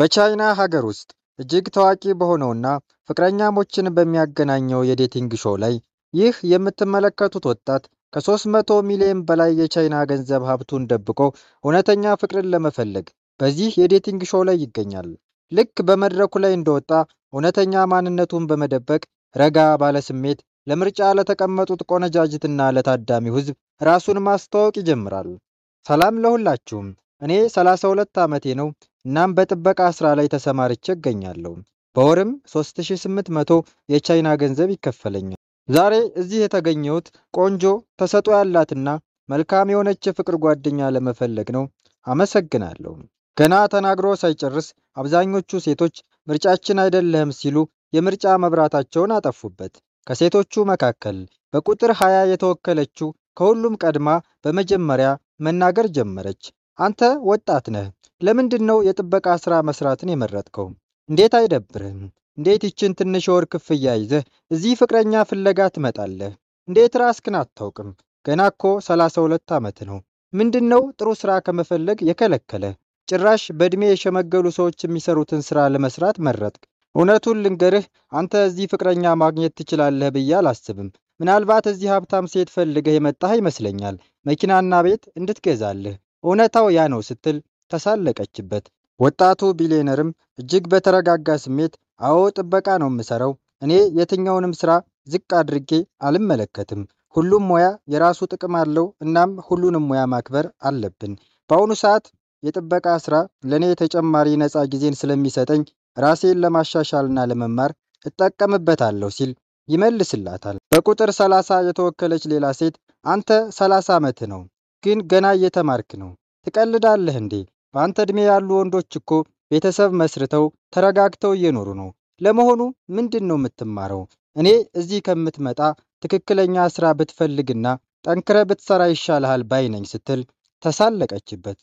በቻይና ሀገር ውስጥ እጅግ ታዋቂ በሆነውና ፍቅረኛሞችን በሚያገናኘው የዴቲንግ ሾው ላይ ይህ የምትመለከቱት ወጣት ከ300 ሚሊዮን በላይ የቻይና ገንዘብ ሀብቱን ደብቆ እውነተኛ ፍቅርን ለመፈለግ በዚህ የዴቲንግ ሾው ላይ ይገኛል። ልክ በመድረኩ ላይ እንደወጣ እውነተኛ ማንነቱን በመደበቅ ረጋ ባለ ስሜት ለምርጫ ለተቀመጡት ቆነጃጅትና ለታዳሚው ሕዝብ ራሱን ማስተዋወቅ ይጀምራል። ሰላም ለሁላችሁም፣ እኔ 32 ዓመቴ ነው። እናም በጥበቃ ስራ ላይ ተሰማርቼ እገኛለሁ። በወርም 3800 የቻይና ገንዘብ ይከፈለኛል። ዛሬ እዚህ የተገኘሁት ቆንጆ ተሰጦ ያላትና መልካም የሆነች የፍቅር ጓደኛ ለመፈለግ ነው። አመሰግናለሁ። ገና ተናግሮ ሳይጨርስ አብዛኞቹ ሴቶች ምርጫችን አይደለህም ሲሉ የምርጫ መብራታቸውን አጠፉበት። ከሴቶቹ መካከል በቁጥር 20 የተወከለችው ከሁሉም ቀድማ በመጀመሪያ መናገር ጀመረች። አንተ ወጣት ነህ። ለምንድነው የጥበቃ ሥራ መሥራትን የመረጥከው? እንዴት አይደብርህም? እንዴት ይችን ትንሽ የወር ክፍያ ይዘህ እዚህ ፍቅረኛ ፍለጋ ትመጣለህ? እንዴት ራስክን አታውቅም? ገና እኮ ሰላሳ ሁለት ዓመት ነው። ምንድነው ጥሩ ሥራ ከመፈለግ የከለከለ? ጭራሽ በዕድሜ የሸመገሉ ሰዎች የሚሰሩትን ሥራ ለመሥራት መረጥክ። እውነቱን ልንገርህ፣ አንተ እዚህ ፍቅረኛ ማግኘት ትችላለህ ብዬ አላስብም። ምናልባት እዚህ ሀብታም ሴት ፈልገህ የመጣህ ይመስለኛል፣ መኪናና ቤት እንድትገዛልህ እውነታው ያ ነው ስትል ተሳለቀችበት። ወጣቱ ቢሊዮነርም እጅግ በተረጋጋ ስሜት አዎ ጥበቃ ነው የምሰራው፣ እኔ የትኛውንም ስራ ዝቅ አድርጌ አልመለከትም፣ ሁሉም ሙያ የራሱ ጥቅም አለው፣ እናም ሁሉንም ሙያ ማክበር አለብን። በአሁኑ ሰዓት የጥበቃ ስራ ለእኔ ተጨማሪ ነፃ ጊዜን ስለሚሰጠኝ ራሴን ለማሻሻልና ለመማር እጠቀምበታለሁ ሲል ይመልስላታል። በቁጥር ሰላሳ የተወከለች ሌላ ሴት አንተ ሰላሳ ዓመት ነው ግን ገና እየተማርክ ነው። ትቀልዳለህ እንዴ? በአንተ ዕድሜ ያሉ ወንዶች እኮ ቤተሰብ መስርተው ተረጋግተው እየኖሩ ነው። ለመሆኑ ምንድን ነው የምትማረው? እኔ እዚህ ከምትመጣ ትክክለኛ ስራ ብትፈልግና ጠንክረህ ብትሰራ ይሻልሃል ባይ ነኝ ስትል ተሳለቀችበት።